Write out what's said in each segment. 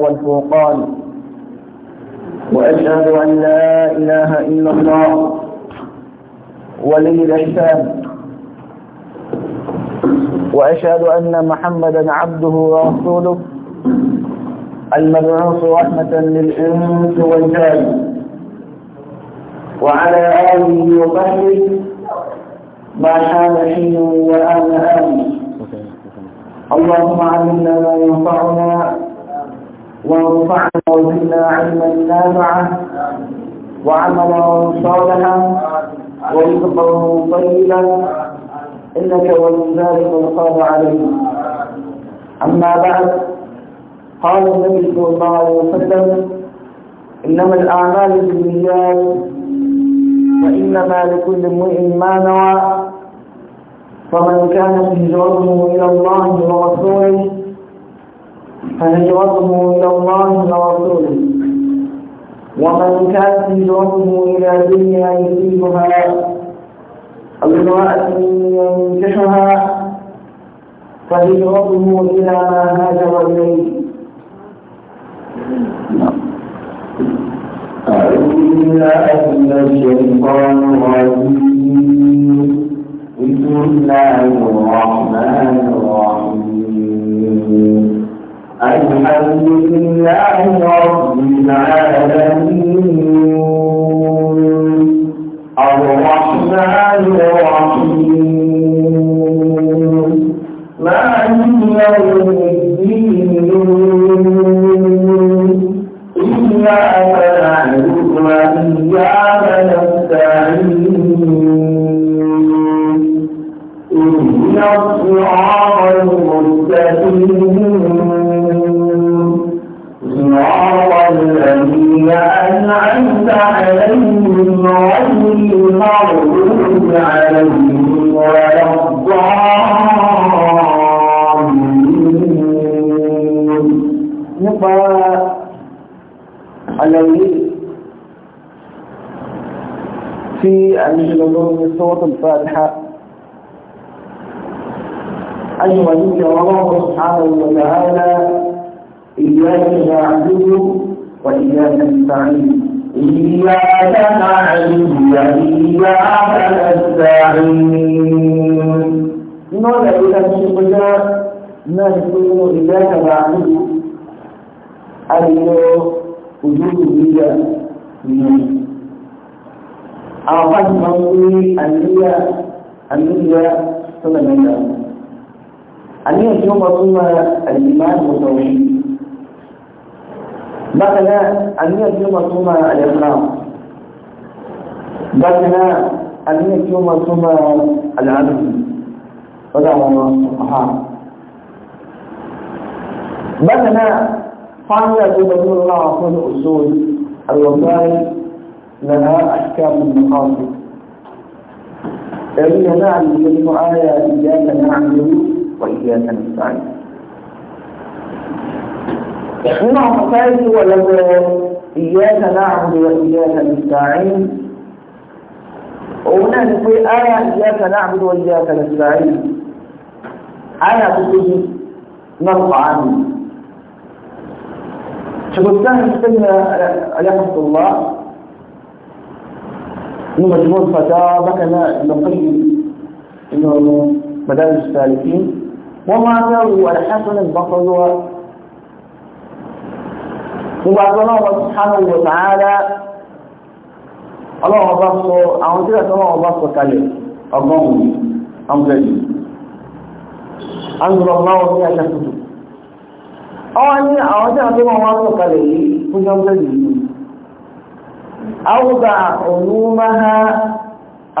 والفوقان وأشهد أن لا إله إلا الله ولي الإحسان وأشهد أن محمدا عبده ورسوله المبعوث رحمة للإنس والجان وعلى آله وصحبه ما حال حينه وآن آمن اللهم علمنا ما ينفعنا وانفعنا وزدنا علما نافعا وعملا صالحا ورزقا طيبا انك ومن ذلك القاب عليه اما بعد قال النبي صلى الله عليه وسلم انما الاعمال بالنيات وانما لكل امرئ ما نوى فمن كانت هجرته الى الله ورسوله فهجرته إلى الله ورسوله ومن كانت هجرته إلى دنيا يصيبها أو امرأة ينكحها فهجرته إلى ما هاجر إليه أعوذ بالله من الشيطان الرجيم بسم الله الرحمن الرحيم الحمد لله رب العالمين أن يكون ثم العبد فدع الله سبحانه بدنا فعلا تبدو الله في الأصول الوفاية لها أحكام المقاصد إذا نعلم من إياك نعلم وإياك نستعين نحن نعطيك ولو إياك نعبد وإياك نستعين òun náà آية إياك نعبد وإياك نستعين آية تقول nasta'in ara àtúntò náà kọ̀ á nìyí. شبكتان استنى الله من مجموع فتاة بكنا نقيم إنه مدارس السالكين وما تروا حسن البصري وبعد الله سبحانه وتعالى ọlọ́run ọba sọ àwọn tí ìrẹsọ́ ọlọ́run ọba sọ kalẹ̀ ọgọ́rùn-ún ọmọdé anzọrọ máwọn ní ẹ̀ṣẹ́ tuntun ọwọ́ ní àwọn tí ìrẹsọ́ ọlọ́run ọba sọ kalẹ̀ yìí fún ọmọdé yìí awúgbà ònúmáhá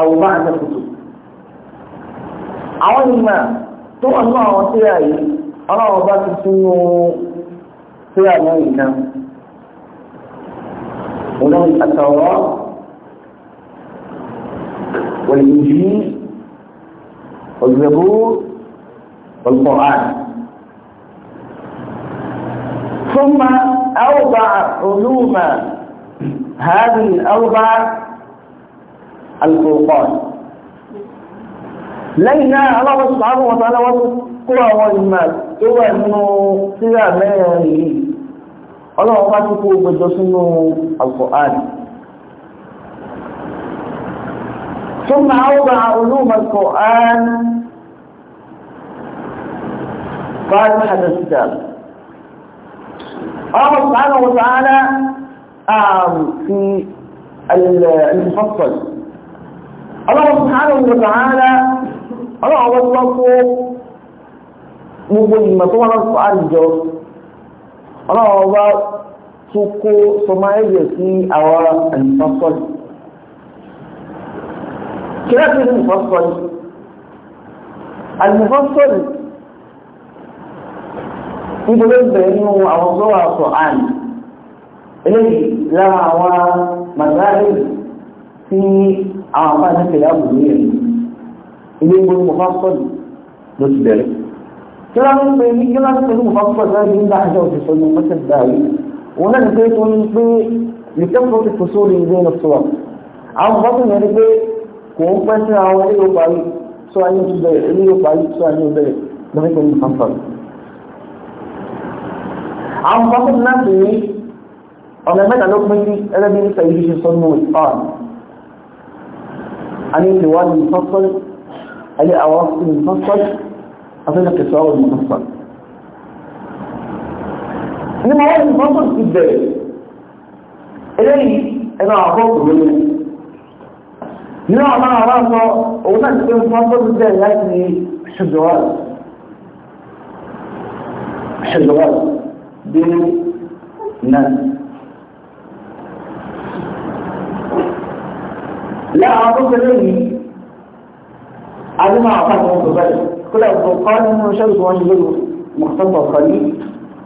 àwùmá ẹ̀ṣẹ́ tuntun àwọn ìgbà tó wà ní àwọn tí a yìí ọlọ́run ọba ti túnú tí ìrẹ̀ náà nìkan òun náà والإنجيل والزبور والقرآن ثم أوضع علوم هذه الأربع الفرقان lẹ́yìn náà Allah subhanahu wa ta'ala wọ́n kó àwọn ìmọ̀ tó wà nínú síra mẹ́rin yìí ọlọ́wọ́ bá tún kó gbẹjọ sínú Al-Qur'an ثم أوضع علوم القرآن قال هذا الكتاب الله سبحانه وتعالى في المفصل الله سبحانه وتعالى الله وصفه gbogbo وانا سؤال جوز الله àjọ ọlọ́wọ́ bá tún kó المفصل كلاب المفصل المفصل يقولون بأنه أوضوع القرآن إليه لا هو مذاهب في أعمال كلاب المير إليه المفصل نتبرك كلام بيني كلام المفصل هذه من حاجة وفي مثل ذلك ونحن بيتون في لكثرة الفصول بين الصور أو بطن يعني kò ń pẹ́ sí àwọn ilé yóò parí tó ayé ti bẹ̀rẹ̀ ilé yóò parí tó ayé yóò bẹ̀rẹ̀ lórí pẹ̀lú fanfan. àwọn fọ́nkú náà sì ní ọ̀nà mẹ́ta ló pín sí ẹlẹ́bí nípa ìlú ṣe sọ́nù ìfàn a ní ìwádìí ìfọ́sọ́n ẹlẹ́ àwọn ìfọ́sọ́n afẹ́lẹ́ kẹsàn àwọn ìfọ́sọ́n nínú àwọn ìfọ́sọ́n ti bẹ̀rẹ̀ eléyìí ẹ̀rọ nínú àwọn àwọn ọmọ òun náà ti pé wọ́n tó ti bẹ̀rẹ̀ láti ṣùgbọ́n ṣùgbọ́n dé náà láàrín tó kéré yìí adúmọ̀ àwọn àpapọ̀ tó bẹ̀rẹ̀ kúlẹ̀ ọ̀pọ̀ nínú ṣẹ́lù tó wọ́n ṣe lórí mọ̀tọ́tọ̀ kọ̀lí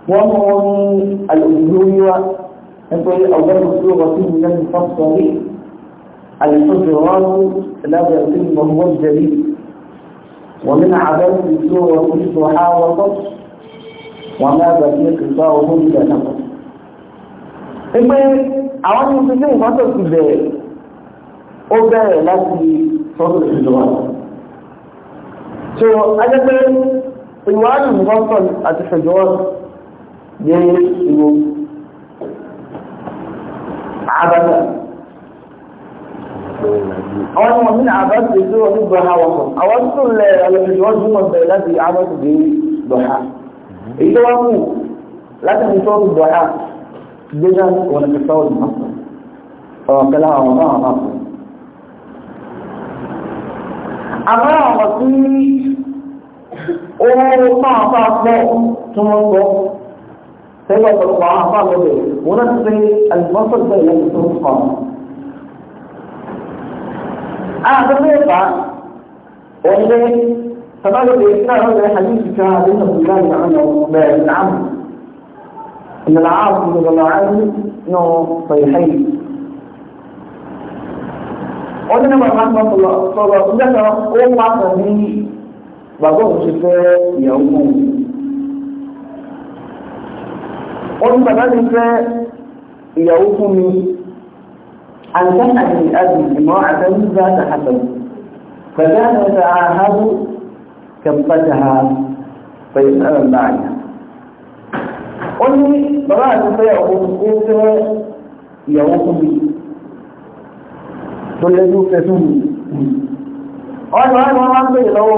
wọ́n mú wọn ní alùpùpù lórí wa nítorí ọ̀gbẹ́ni tó rọ̀ sí ìlú lẹ́nu fọ́sọ̀rí الحجرات ثلاثة يقول وهو الجليل ومن عدد السورة السحا وقص وما بقي قصاره إلى نقص إما أعوان المسلمين فضل في ذلك أو ذا لا صوت الحجرات سو أجل طوال المفصل على الحجرات يعني عبدا Àwọn ọmọ mi náà àbáṣe tí wọ́n ní bọ̀há wọn kọ̀. Àwọn tó lẹ̀ ọlọ́dún wọ́n tún wọ́n bẹ̀rẹ̀ láti àbáṣe bí bọ̀há. Èyí tó wá kù láti fi tọ́jú bọ̀há gbéra wọn ti sọ́ọ̀ ní pàṣẹ. Ọ̀rọ̀ kẹlẹ́ àwọn ọmọ àwọn pàṣẹ. Àmọ́ àwọn tí owó máa bá gbọ́ tí wọ́n gbọ́ sẹ́yìn ọ̀pọ̀lọpọ̀ àwọn àpá wọ́n náà ti àgbẹ̀ mẹ́fà ẹ̀rẹ́ sàbálòpọ̀ ìsìnà rẹ̀ hàlìsì kan àdínà bùkà ìyàwó bẹ̀rẹ̀ ìlàmù ìlàmù ìlàmù nù fẹ̀yìhẹ́yì ọdún náà máa ń bá sọ̀rọ̀ ó ń wá ní fẹ́ ìyàwó fún mi أن تنأتي أبي امرأة ذات حسب فكان يتعاهد كبتها فيسأل الباعية قلني براءة فيعقوب قوت يعوق بي تلدو كسومي قال ما وانا وانا لو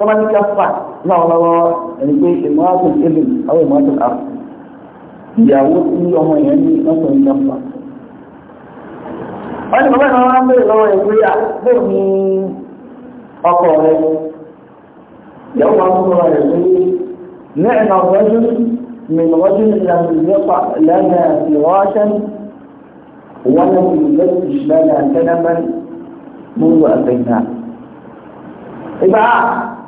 طبعا كفع لا والله يعني كي امرأة الابن او امرأة الأرض يعوق بي وهو يعني مثلا كفع wọ́n ní bàbá ìnáwó ń bèrè lọ́wọ́ ìwé àgbò ní ọkọ̀ rẹ̀ yàwó máa ń sọ̀rọ̀ rẹ̀ pé ní ẹ̀nà ọ̀rẹ́jú ọdún lọ́jú ní ìlànà ìyẹ́pà lẹ́nà ìwọ́ṣẹ́ wọ́n ní ìlẹ́sì lẹ́nà tẹ́lẹ́mẹ́ múlù àgbẹ̀yà. ìgbà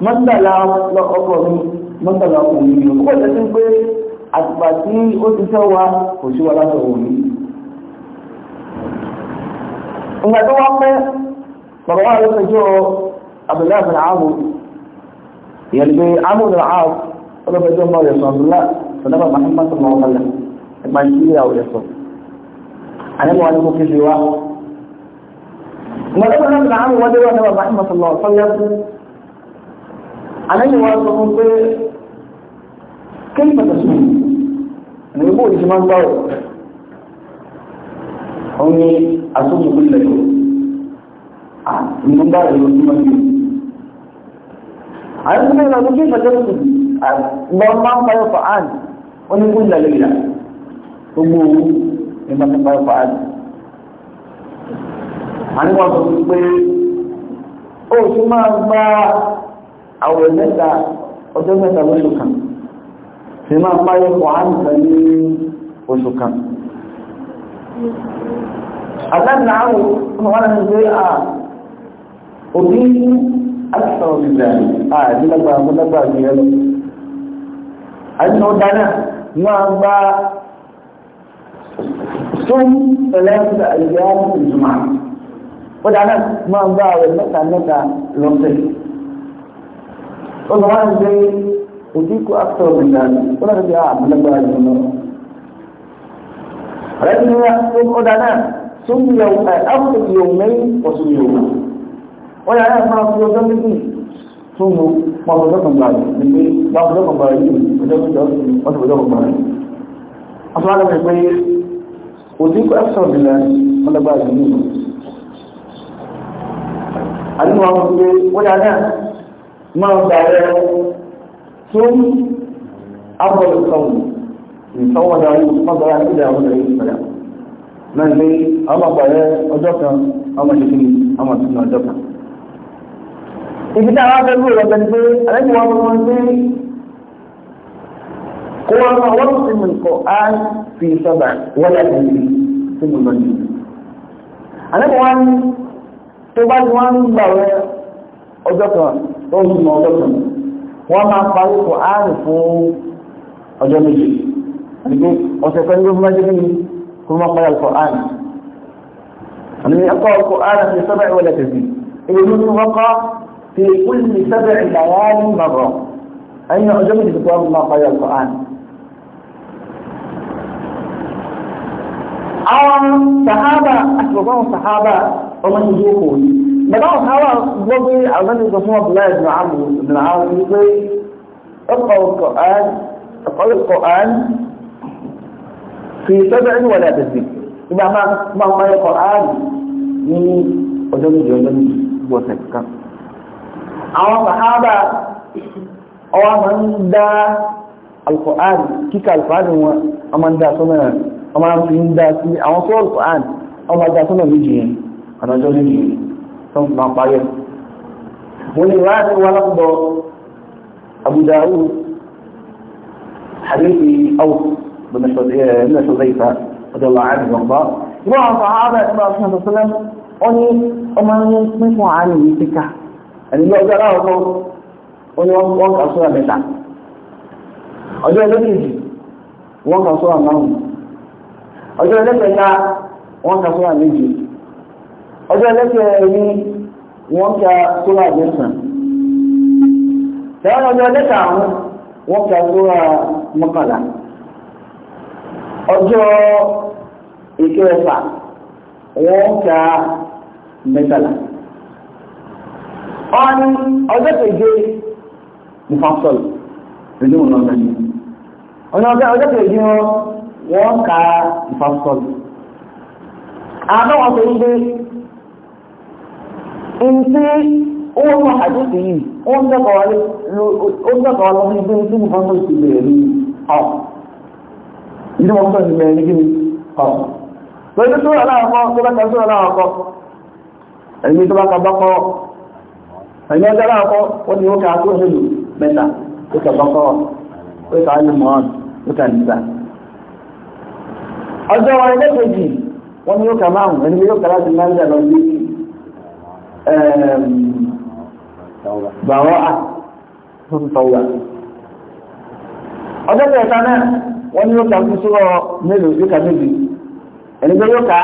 mọ́tàlá ọkọ̀ mi mọ́tàlá ọkọ̀ mi ò kọ́ ìtẹ́sí pé àtìpà tí ó ti fẹ́ wa kò sí wa látọ̀ wò ìgbà tó wá pẹ́ bàbá wa ló fẹjọ́ abdullahi bin ahu ìyẹn pé ahu bin ahu ó ló fẹjọ́ mọ́ ìrẹsọ̀ abdullahi sọ̀dọ́bà muhammad sallallahu alaihi wa sallam ẹgbà ń kíyà ò lẹ́sọ̀ àníwọ̀ wá ní kó kéde wá ìgbà tó wá bin ahu wá dé wá sọ̀dọ́bà ó ní asókùnkú lẹ́yìn ìgbóngbà ìlú tí wọ́n ti àìsàn ìlànà tó kí ìfẹ̀jẹ́ tó lọ máa ń payọ̀ fọ́ àn ó ní kú ìlànà ìlà gbogbo owó ní máa ń payọ̀ fọ́ àn àníwá sọ pé ó sì máa gba ọjọ́ mẹ́ta lóṣù kan sì máa payọ̀ fọ́ àn pẹ̀lú oṣù kan àtàkùn àwọn ọmọwọ́n ní pé à òbí àtìsàn òbílẹ̀ àìdílágbà àmúlágbà ìyẹn lọ àìsàn ọ̀dáná máa gba tún pẹ̀lẹ́pẹ̀lẹ́ àìyá ìjùmọ̀ ọ̀dáná máa gba àwẹ̀ mẹ́ta mẹ́ta lọ́sẹ̀ ọmọwọ́n ní pé òbí kú àtìsàn òbílẹ̀ ó lọ́dọ̀ bí àmúlágbà ìjùmọ̀ rẹ́gbẹ́rẹ́ ọ̀dà náà sómi ẹ̀kọ́ ìyọ̀mẹ́yìn ọ̀sùn ìyọ̀mẹ́ wọ́n yàrá máa fi ọjọ́ méjì tún mú máa fọjọ́ kan gbà yìí ní pé máa fọjọ́ kan gbà yìí ọjọ́ méjì ọ̀sùn ọjọ́ kan gbà yìí. afọ àgbà mi pé òdì kọ́ ẹ̀sọ́ ìbílẹ̀ àwọn ọmọ pé wọ́n yàrá máa gbà rẹ̀ tún abọ́lẹ̀ sọ̀rọ̀ ìtọ́wọ́ darí mọ́bàrá sílẹ̀ àwọn ọ̀dọ̀ yìí pẹ̀lẹ́ náà lé ọmọbàrẹ ọjọ́ kan ọmọ ìṣẹ́ni ọmọ ìṣẹ́ni ọjọ́ kan. ibi tí àwọn afẹ́gbẹ́ rẹ̀ bẹ̀rẹ̀ pé àlejò wọn wọn pé kó wọn máa wọ́n sì mú nǹkan á fi sọ́bà wọ́lá ìlú sí mú lọ́jọ́. àlejò wọn tó bá ti wọn gbà wẹ ọjọ́ kan tó ń mọ ọjọ́ kan wọ́n máa parí kò á fún ọjọ́ méjì àdìgbò ọ̀sẹ̀ kan ló máa jẹ́ ní kó máa pàdà Al-Qur'an àmì ẹ̀kọ́ Al-Qur'an àti sábẹ̀ ìwọlẹ̀ tẹ̀sí èyí ló tún wọ́kọ́ fi kúlù ní sábẹ̀ ìlàyà ní màbọ̀ ẹ̀yìn ọjọ́ méjì tó wọ́n máa pàdà Al-Qur'an àwọn sàhábà àti bàbá wọn ọmọ ní ìlú bàbá wọn sàhábà gbọ́ àwọn ẹni fún ọ̀bùnà ìdùnnà àwọn ìdùnnà àwọn ìdùnnà ọkọ̀ ọkọ̀ ọkọ̀ fi sọ́dọ̀ ẹni wọlé àtẹ̀sí nígbà máa ń parí kọ̀ọ̀rán ní ọjọ́ méjì ọjọ́ méjì gbọ́ ọ̀sẹ̀ kan àwọn sàhábà ọwọ́ máa ń dá alkọ̀ọ̀rán kíkà alkọ̀ọ̀rán wọn a máa ń dá sọ́nà a máa fi ń dá sí àwọn tó alkọ̀ọ̀rán wọ́n máa dá sọ́nà méjì yẹn àtọ́jọ́ méjì yẹn tó ń máa parí wọ́n ni wọ́n á ti lọ́pọ̀ Abu Dawud hadithi Awf بن حذيفة رضي الله عنه وارضاه ìwọ́n sọ̀hábà ẹgbẹ́ ọ̀sán ọ̀sán ó ní ọmọ ní pínpín àárín yìí ti ká ẹni bí ọjọ́ aláwọ̀ ó ní wọ́n kà sọ́ra mẹ́ta ọjọ́ ẹlẹ́kẹ̀jì wọ́n kà sọ́ra márùn ọjọ́ ẹlẹ́kẹ̀ẹ́ta wọ́n kà sọ́ra méjì ọjọ́ ẹlẹ́kẹ̀ẹ́ni wọ́n kà sọ́ra mẹ́sàn tẹ́wọ́n ọjọ́ ẹlẹ́kẹ̀ẹ́ àwọn wọ́n kà sọ́ra mọ́kànlá ọjọ́ ìkẹfà wọ́n ka mẹ́tàlá ọ́n ọjọ́ keje mufasol pẹ̀lú ọ̀nà ọ̀gbẹ̀ni ọ̀nà ọjọ́ keje wọ́n ka mufasol àbáwọn tó ń gbé ntí wọ́n mọ àdúgbò yìí wọ́n ń dẹ́kọ̀ọ́ lọ́wọ́ ní bí wọ́n tún mufasol ti bẹ̀rẹ̀ ní ìdí wọn sọ ìsinmi ẹni gíní ọ̀pọ̀ lórí sóra láàkọ́ tó bá ka sóra láàkọ́ ẹni tó bá ka bákọ́ ẹni ọjọ́ láàkọ́ wọ́n ni ó ka tó ṣe lù mẹ́ta ó ka bákọ́ ó ka alimọ́n ó ka nìta ọjọ́ wọn ilé kejì wọ́n ni ó ka márùn ẹni yóò ka láti náírà lọ sí bàwọ́ à ọjọ́ kẹta náà wọ́n ní yóò ka kúsúrọ̀ mélòó yóò ka méjì ẹni pé yóò ka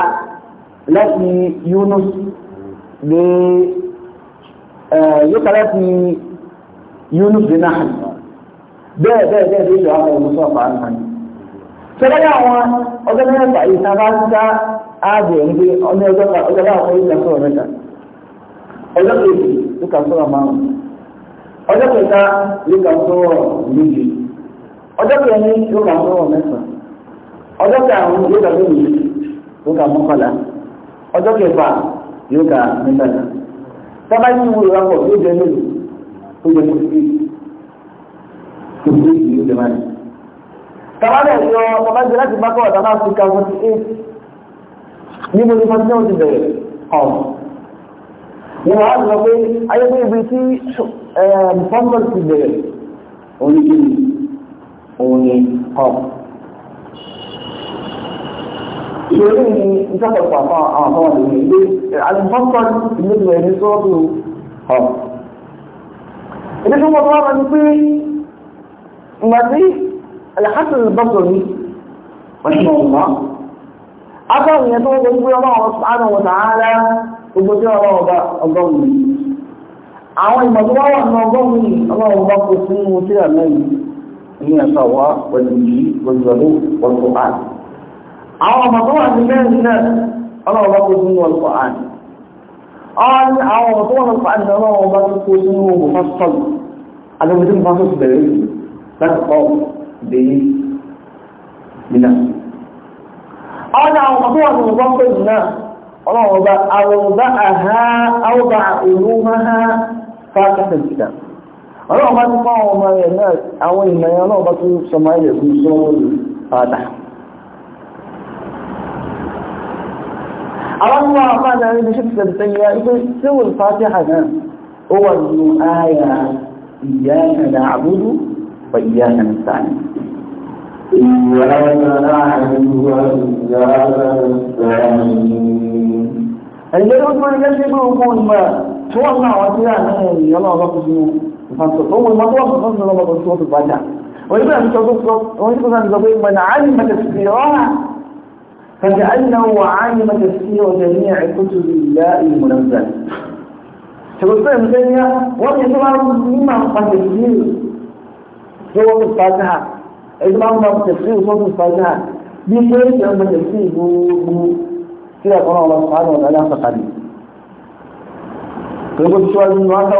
láti Yunus dé yóò ka láti Yunus dé náà bẹ́ẹ̀ bẹ́ẹ̀ bẹ́ẹ̀ bí yóò àwọn olùsọ̀ fà á nìyí. sọ́dọ̀ àwọn ọjọ́ mẹ́ta ìtàbá ń dá ààbò ẹ̀ ń gbé ọmọ ọjọ́ ọjọ́ bá wọ́n yóò ka sọ̀rọ̀ mẹ́ta ọjọ́ kejì yóò ka sọ̀rọ̀ márùn-ún ọjọ́ kẹta yóò ka sọ̀rọ̀ méjì ọjọ́ kẹrin ló kà mọ́ ọ̀rọ̀ mẹ́sàn ọjọ́ karùn-ún yóò kà lónìí ló kà mọ́kànlá ọjọ́ kẹfà yóò kà mẹ́tàlá sábà ní ìwé ìwakọ̀ tó jẹ mélòó tó jẹ kó sí kó sí ìlú jẹ máa ní. sábà bẹ̀ yọ ọmọ jẹ láti bá kọ́ ọ̀dà máa fi ka forty eight níbo ni forty seven ti bẹ̀rẹ̀ ọ̀ wọ́n á lọ pé ayé pé ibi tí fọ́nmọ́lì eh, ti bẹ̀rẹ̀ òní kìíní. òní kọ́m. ìṣòro ni ìjọpọ̀pọ̀ àwọn àwọn ọmọ ilé àlùfọ́pọ̀ ìlú ìlú ẹni tó ilé tó wọ́n wá pé ìgbà tí alhassan bọ́sọ̀ ní wọ́n na wọ́n Akọ́rin yẹn tó ń gbogbo ọlọ́run sánà wọ̀n gbogbo tí ọlọ́run ọba ọgọ́rùn-ún. Àwọn ìmọ̀ tó هي صواء والإنجيل والزبور والقرآن أو مطوعة الله الناس أنا أبقى سنو والقرآن أو مطوعة القرآن أنا أبقى سنو مفصل أنا مدين فاصل بريد فاقوم بي لنفسي أنا أبقى سنو مفصل الناس أنا أبقى أوضعها أوضع علومها فاتح الكتاب رغم ما هو ما يناد او ما يناد بطيب سمايلي بسول هذا الله ما دعني بشكس البيع يقول سوى الفاتحة هو النؤاية إياك نعبد وإياك نستعين إياك نعبد وإياك نستعين اللي يقول ما يجب يقول ما توقع وإياك نعبد òun ìmọ̀ من علم تفسيرها فجعلناه علم تفسير جميع كتب الله المنزل فقلت ابن تيمية وأن طبعا مما هو تفسير سورة الفاتحة إجماع ما تفسير سورة الفاتحة بشيء يوم تفسير كلا قرأ الله سبحانه وتعالى فقال فيقول من هذا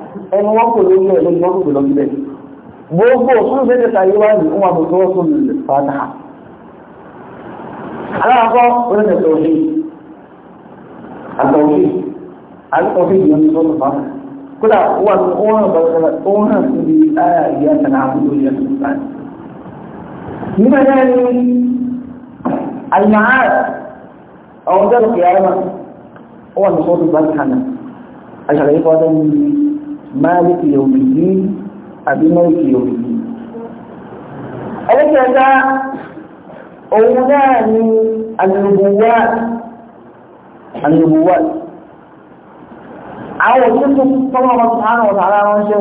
ẹnu wọn kò lórí ẹ̀ lórí wọn kò lọ síbẹ̀ gbogbo òṣùlù mẹ́tẹ̀ẹ̀ta yìí wáyé wọn àbò tó wọ́n lè fàtà aláàkọ́ orílẹ̀ tọ̀ọ̀ṣì àtọ̀ọ̀ṣì àtọ̀ọ̀ṣì yìí wọn tó fà kódà wà ní òun àbàkàrà òun hàn síbi ayà ìyá àtàrà àbúrò yẹn tó fà nígbà náà ni àyàmáà àwọn ọjọ́ ìkẹyà náà wọ́n ní sọ́dún bá ti hàn àṣàlẹ̀ yìí kọ́ máàlìkì yòmìdí àbí mẹ́rìkì yòmìdí ẹlẹ́kẹta òun náà ni àlùbùwà àlùbùwà àwọn òṣèlú tọ́lọ́ wọn sàánà ọ̀tà ara wọn ṣe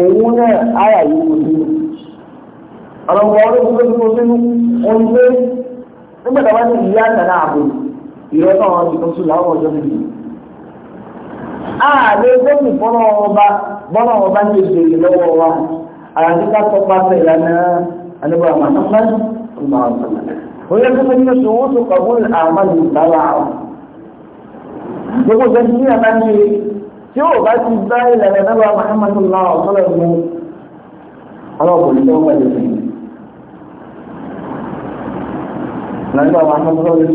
òun náà ara yìí kò sí ọ̀rọ̀mọ̀ ọdún tó tó sínú wọn gbé nígbàtà wọn ti yí àtàlà àbò ìrẹ́tọ̀ wọn ti tó sùn láwọn ọjọ́ méjì ààrẹ gbọ́dọ̀ bọ́rọ̀ ọba bọ́rọ̀ ọba ń ṣe ìṣèlú lọ́wọ́ wa àràdíkà tọpa pẹ̀lú àná àníbọ̀ àmàlà ọmọ ọ̀sán. Oyè tó fún mi sọ wọ́n tó kọ̀ wọ́n àmàlù bàbá ọ̀. Gbogbo ìgbà tí yíyá bá ń ṣe tí ó bá ti bá ìlànà àníbọ̀ àmàlù náà ọ̀sán mu ọlọ́ọ̀bùn tó wọ́n pẹ̀lú fún mi. Àníbọ̀ àmàlù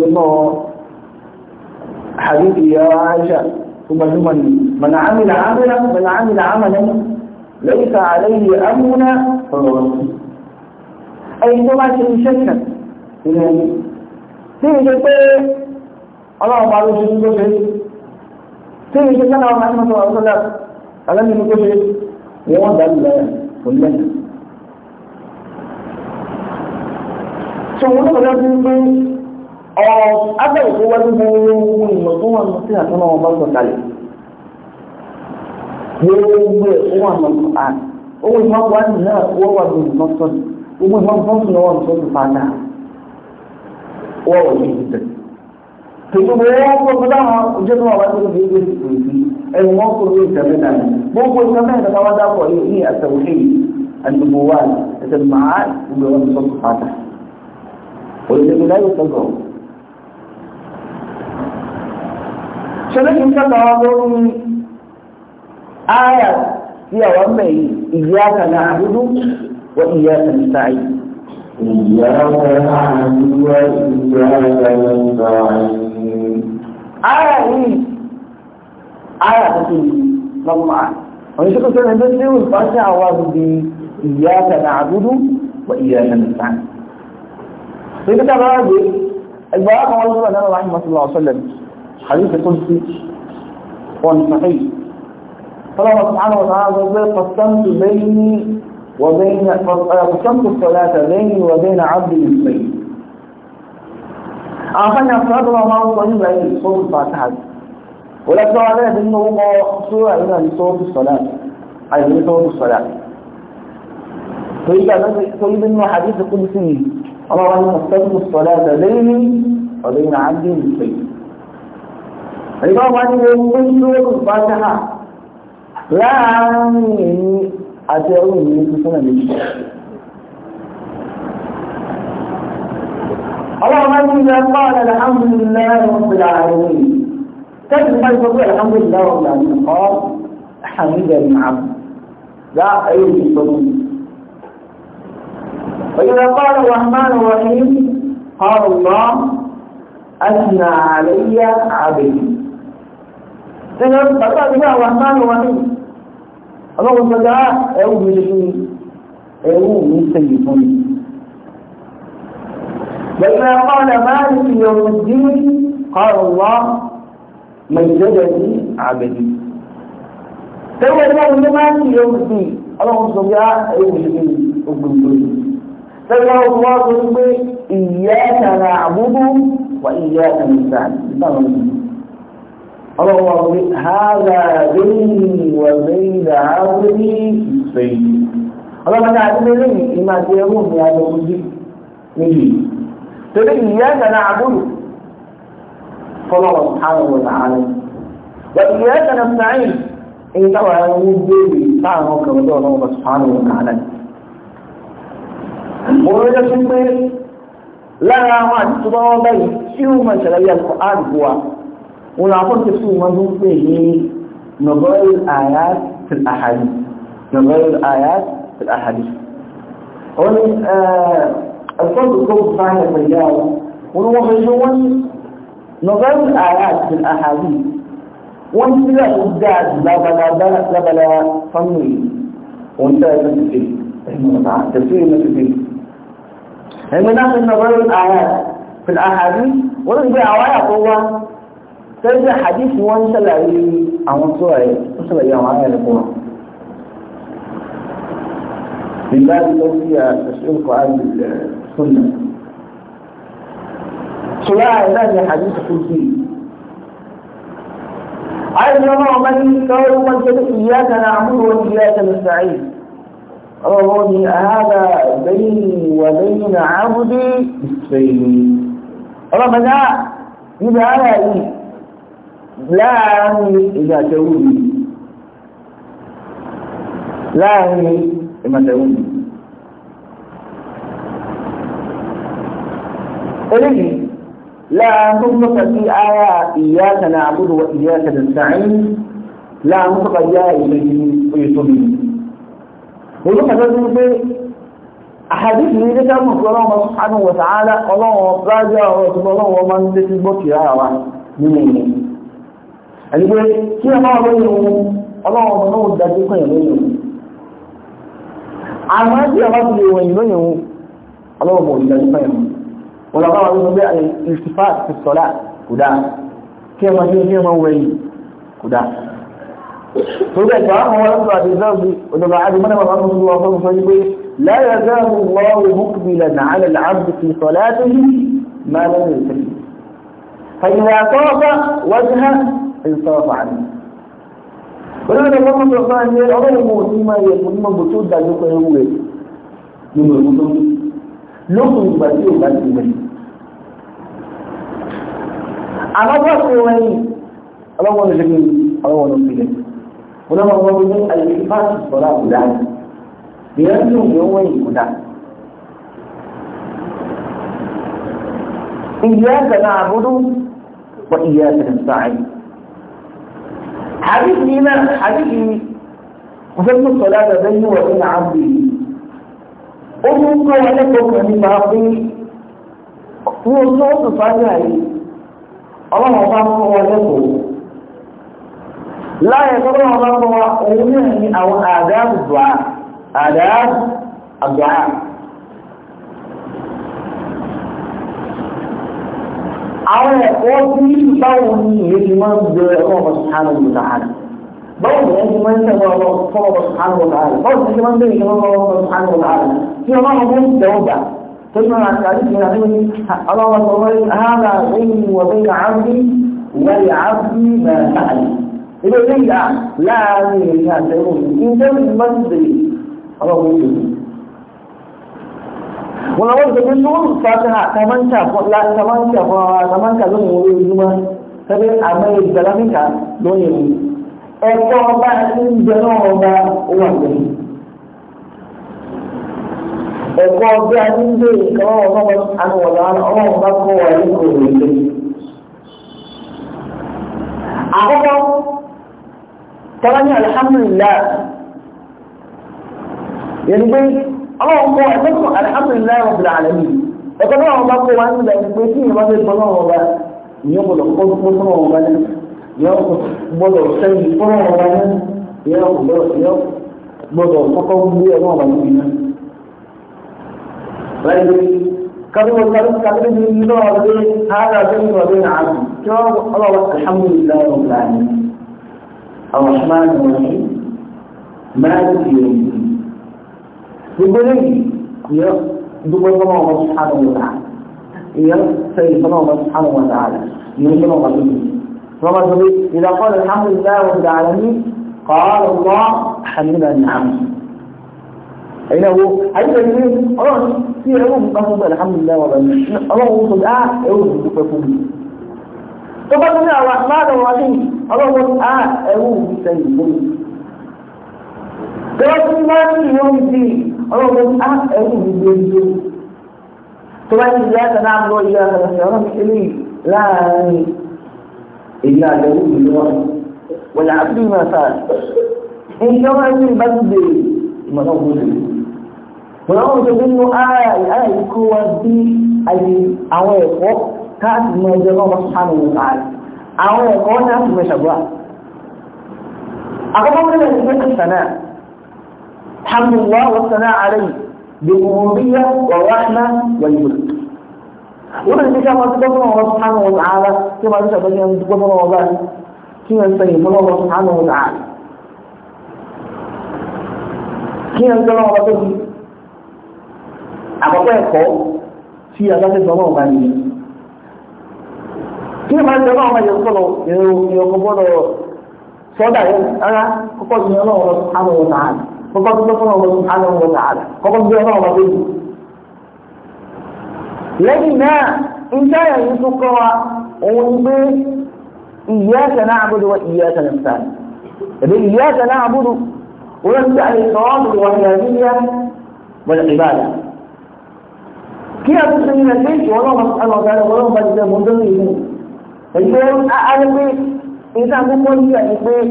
náà ló gbajúmọ̀ ni mọ̀nà àmìlà àmìlà mọ̀nà àmìlà àmìlà lẹ́yìn àlẹ́yìn amúnà ọ̀rọ̀ ẹni tó bá ṣe iṣẹ́ kan nínú ẹni tí ń ṣe pé ọlọ́run bá ló ṣe tó ṣe tí ń ṣe sọ́nà ọmọ ẹni tó wà lọ́dọ̀ alẹ́ni tó ṣe ni wọ́n dá lulẹ̀ kò lẹ́yìn. sọ̀rọ̀ lọ́dọ̀ tó ń gbé ọ̀rọ̀ agbẹ̀rẹ̀ tó wájú bó ń mú tó wà lọ́sí àtúnà wọn bá ń gbogbo ẹ̀ wà lọ́sí àn owó ìmọ̀ wà náà ó wà lọ́sí lọ́sọ̀tì gbogbo ìmọ̀ tó wà wájú tó fi gbé ìgbèsì ẹ̀rù gbogbo ìtẹ̀mẹ́ ìtẹ̀mẹ́ wá dápọ̀ yìí ní àtẹ̀wé àdìbò wà ẹ̀tẹ̀ màá ìgbéwọ́n tó sọ̀tì fàdà òyìnbó láyé sọ̀rọ̀ ṣẹlẹ́sì ń kẹta wọn lórí ààyà tí àwọn mẹ́yìn iyyaka na'budu wa iyyaka nasta'in iyyaka na'budu wa iyyaka nasta'in ààyà yìí ààyà tó ti lọ́mọ́ àà wọ́n ṣe kó sẹ́nà tó ṣe wùn fásí àwọn àbúdí iyyaka na'budu wa iyyaka nasta'in Sai ta ba da ẹgbẹ́ àwọn ọmọ ọlọ́run náà wà ní Mọ́sílọ́ ọ̀sọ́lẹ̀ حديث القدسي هو صحيح الله سبحانه وتعالى قسمت بيني وبين آه، قسمت الصلاة بيني وبين عبدي المسلم أخذنا الصلاة وما صليب أي صوت الفاتحة ولكن عليها أنه هو صورة إلى صوت الصلاة أي صوت الصلاة طيب أنه حديث القدسي الله أن قسمت الصلاة بيني وبين عبدي بيني ìbáwọn ni mo ń gbé lóòrùn fásitì láàárín èyí àti ẹrù mi ní fífún ẹ̀mí. ọlọ́run máa ń gbé ẹgbẹ́ ọ̀rẹ́ alhamdulillah rabbil alamin tẹ́sí máa ń sọ pé alhamdulillah rabbil alamin ọ́ hamid ẹ̀mí àbù dá ẹ̀yẹ́ ti sọ fún mi. وإذا قال الرحمن الرحيم قال الله أثنى علي عبدي ẹgbẹ́ bàbá àti àwọn àmàlù wa ní ọlọ́run tó dá ẹ̀wù mi ṣe fún ẹ̀wù mi ṣe yìí fún mi. Bẹ̀rẹ̀ ọkọ̀ ọ̀dà máa ń fi ohun dín ọ̀rọ̀ wọ́ mẹ̀jẹ̀dẹ̀ ní àbẹ̀dì. Tẹ́wọ̀ ọlọ́run ló máa ń fi ohun dín ọlọ́run tó ẹ̀wù mi ṣe ogun tó ọlọ́wọ́ pé hàrà bẹ́yìn wà bẹ́yìn àárí ìfẹ̀yìn ọlọ́mọdé àdúgbélé yìí máa jẹ ẹrú mi adókúndí níbi torí ìyá ìgbàna àbúrò fọlọ́wọ́ àwọn ọ̀tàálẹ̀ wà ìyá ìgbàna sàáyìn èyí táwọn ará wọn gbèrè táwọn ọkọ̀ ọ̀dọ́ ọlọ́wọ́ sàáyìn ọ̀tàálẹ̀ mo rí lọ́sí pé lára àwọn àtúntò báwọn báyìí tí ó máa ṣàlàyé àkọ́ wọn àwọn tó sùn wọn ló ń pè ní nọ̀bọ́ọ̀lù àyàt ti àhàdì nọ̀bọ́ọ̀lù àyàt ti àhàdì wọn ni ẹ̀fọ́dù tó fáyẹ̀ pẹ̀lú àwọn wọn wọ́n fẹ́ ṣe wọ́n nọ̀bọ́ọ̀lù àyàt ti àhàdì wọ́n ti sílẹ̀ tó dáa jù lábala fámìlì wọn tẹ́ ẹ̀ lọ́sibí تفسير المسلمين لما ناخذ نظرية الآيات في الأحاديث ونقول بها عوايا قوة tẹ́lẹ̀ hadith wọ́n ń ṣàlàyé àwọn tó rẹ̀ ó ṣàlàyé àwọn ará ẹ̀kọ́ بالله الذي تشعرك عن السنة سواء هذا حديث قدسي عايز نوع من كون من إياك نعبد وإياك نستعين رضي هذا بيني وبين عبدي بالسيد رمضان يبقى هذا إيه láàrin ìgbà tẹ̀wù mi láàrin ìgbà tẹ̀wù mi. eléyìí láàrin tó mọ́ta sí ara iyyaka na'budu wa iyyaka nasta'in láàrin tó kọjá ìgbésí oyè tóbi. Èyí kàtà sí pé àhàdìsì ní ilé sáàmù sí ọlọ́run subhanahu wa ta'ala ọlọ́run ọ̀pọ̀ ọmọ ní tẹ́sí gbọ́kì ara nínú ìlú àti pé kí ẹ máa lóyún ohun ọlọ́run ọmọ náà dájú pé èèyàn lóyún ohun àwọn ẹbí ọba ti lè wọ̀nyí lóyún ohun ọlọ́run ọmọ ìdájú pé èèyàn wọn làbá wọn lóyún pé ìsìfà ti sọ̀lá kò dáa kí ẹ máa ní kí ẹ máa wẹ̀yìn kò dáa. Torí ẹ̀ka àwọn ọmọ ọlọ́run àti ìdáàbò òdòdó àti mọ́nà لا يزال الله مقبلا على العبد في صلاته ما لم يسلم فإذا طاف وجهه ìsọ́ọ̀fà ni. olóòdì ọlọ́mọ tó fún àyè ọlọ́run mo ní máa yẹ fún mọ́gbò tó dájú pé ewu rẹ̀ nínú ewu tó ní lókun ìgbà tí ò bá ti rẹ̀. àmọ́ bọ́ sí wọn yìí ọlọ́wọ́n ló ṣe kí ọlọ́wọ́n ló fi náà àbúrú wọ́n ìyẹn kẹ̀ náà حديث هنا حديث وسلم الصلاة بيني وبين عبدي أمك ولكم من باقي وصوت صلاة الله أعطاكم ولكم لا يضر الله أمني أو آداب الدعاء آداب الدعاء àwọn ẹ̀kọ́ tí báwo ni èyí máa ń bẹ ẹ̀kọ́ ọ̀pọ̀ sàánù ìlànà báwo ni ẹni máa ń tẹ̀wọ́ ọ̀pọ̀ ọ̀pọ̀ sàánù ìlànà báwo ni ẹni máa ń bẹ ẹ̀kọ́ ọ̀pọ̀ sàánù ìlànà tí ọmọ ọmọ ń tẹ̀ ọ̀gbà tó ní wọn àtàrí ìlànà ní ọlọ́wọ́ sọ wọ́n hàrà ẹ̀yìn wọ̀bẹ̀ àbí wẹ̀rẹ̀ àbí mẹ́ta ilé ilé ìyá láàárín ìrìn àtẹ̀wò ìjẹ́ ìmọ̀ wọ́n wọ́n gbogbo lóòrù fàtíhà tàmánkà lónìí orí ojúmọ́ tàbí àmọ́ ìgbàlámíkà lónìí orí ẹ̀kọ́ ọba ẹni jẹ náà ọba owó àgbẹ̀ ẹ̀kọ́ ọgbẹ́ ẹni gbé ìkàwọ́ ọmọ anúwọ̀lá ọmọ ọba kọ́ wà ní kòrò ilé àkọ́kọ́ tọ́lá ní alihamdulilayi yẹn gbé ọlọ́run kọ́ ẹ̀kọ́ alihamudulilayi wa bila alami ẹ̀kọ́ náà wọn bá kó wa nígbà pé kí ìyẹn bá fẹ́ gbọ́ náà wọn bá ìyẹn gbọ́dọ̀ kó fún wọn bá ní ìyẹn gbọ́dọ̀ sẹ́yìn fún wọn bá ní ìyẹn gbọ́dọ̀ kọ́kọ́ gbé ẹ̀ náà bá ní ìyẹn. láyé kàbí wọn kàbí kàbí ní ìlú ọ̀dẹ́ ara bẹ́ẹ̀ wà bẹ́ẹ̀ àbí kí wọ́n ọlọ́wọ́ alihamudulilayi wa bila alami àwọn ọ̀ṣun máa ń wọ̀nyí máa ń gbogbo lẹ́yìn yẹ dúpẹ́ fọ́nà ọmọ sùhánù wọ̀tà yẹ sẹ́yìn fọ́nà ọmọ sùhánù wọ̀tà rẹ̀ yẹ fọ́nà ọmọ lóbi rọ́bà tó bí ìdá kọ́lẹ̀ alhamdulillah rabbil alamin qala Allah hamida ni'am ẹ̀yin náà wo àyíkẹ́ ní ọlọ́run tí ẹ̀rọ ń bá fún alhamdulillah rabbil alamin ọlọ́run wo sọ bí ah ẹ̀rọ ń dúpẹ́ fún mi tó bá tún ní àwọn àmàlà wọn ní ọlọ́run ah ẹ̀rọ ń sẹ́yìn fún mi tó bá tún ní wọ́n ní ìyóò ń bíi ọlọ́run ní á ah, ẹ̀rù mi gbogbo tó bá ti yá kaná bọ́ ìyá àgbàlagbà ọlọ́run ti lè láàárín èyí àgbẹ̀wò mi lọ́wọ́ wọ́n yà á bí mi àtà ìṣẹ́ wọn ní ìbá ti bèrè ìmọ̀ náà gbọ́dọ̀ wọ́n náà wọ́n ti gbé nínú ara ìhárà yìí kó wá bí àyè àwọn ẹ̀kọ́ káàkiri mọ ẹgbẹ́ náà sánú wọn káàkiri àwọn ẹ̀kọ́ náà ti mẹ́ṣàgbọ́à àkọ́kọ́ wọn ní ẹgbẹ́ kìsànáà حمد الله والثناء عليه بالربوبية والرحمة والملك wọ́n ti ká máa dúpọ́ fún ọ̀rọ̀ sùhánù ọ̀dà ara tí wọ́n ti sàbẹ̀ yẹn dúpọ́ fún ọ̀rọ̀ báyìí kí wọ́n sẹ́yìn fún ọ̀rọ̀ sùhánù ọ̀dà ara kí wọ́n sẹ́yìn ọ̀rọ̀ tó fi àkọ́kọ́ ẹ̀kọ́ tí a bá ti sọ ọ̀rọ̀ báyìí kí wọ́n máa ń sẹ́yìn ọ̀rọ̀ yẹn sọ̀rọ̀ èrò ìyọkọ̀ bọ́dọ̀ sọ́dà yẹn ara kọ́kọ́ kọ́kọ́ tó tọ́kọ́ ọmọ sùhánà wọn tààlà kọ́kọ́ tó tọ́kọ́ ọmọ tó yìí. lẹ́yìn náà iṣẹ́ ẹ̀yìn tó kọ́ wa òun ni pé iyyaka na'budu wa iyyaka nasta'in ẹ̀dẹ̀ iyyaka na'budu wọ́n ti àyè sọ́ọ́nù wàhíyà wal ibada. kí a tún sẹ́yìn ẹ̀ṣẹ́ ìṣòwò náà wọ́n sọ̀rọ̀ ọ̀gára wọn bá ti dẹ̀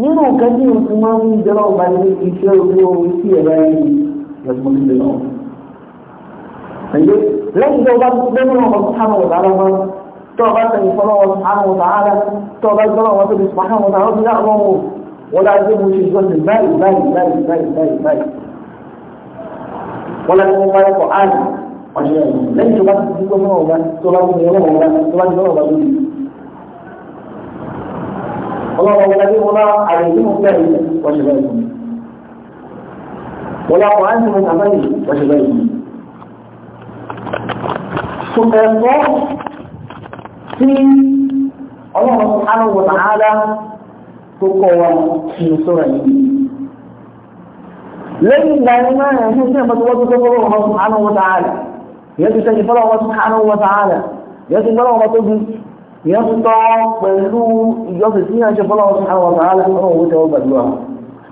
nínú nǹkan tí mo ti máa ń jẹ́rọ ọba ní iṣẹ́ ojú omi sí ẹ̀rọ ẹ̀yìn lọ́sọ̀rọ̀ nílé náà. Ẹ̀yẹ́ lẹ́yìn tó bá lẹ́nu ọkọ̀ sánú ọ̀dà lọ́wọ́ tó ọba tẹ̀yìn fọ́nà ọ̀dà sánú ọ̀dà ara tó ọba gbọ́nà ọ̀dà tóbi sùpàkà ọ̀dà ọ̀dà ọ̀dà ọ̀dà ọ̀dà wọ́n láti gbé mo ṣe ìjọsìn báyìí báyìí báyìí báyìí báyìí báyìí. ولا يبلغنا عليهم الله وجبائهم ولا طعام من أمانه وجبائهم ثم يقول في الله سبحانه وتعالى تقوى في سورة لكن دائما يجب أن تتوجه الله سبحانه وتعالى يجب أن تتوجه الله سبحانه وتعالى يجب أن تتوجه yẹn ń tọ́ pẹ̀lú ìjọsìn tí yẹn ń ṣe fọ́lọ́ ọ̀sán àwọn ọ̀sán àlẹ́ ọ̀rọ̀ owó tẹ́wọ́ pẹ̀lú wa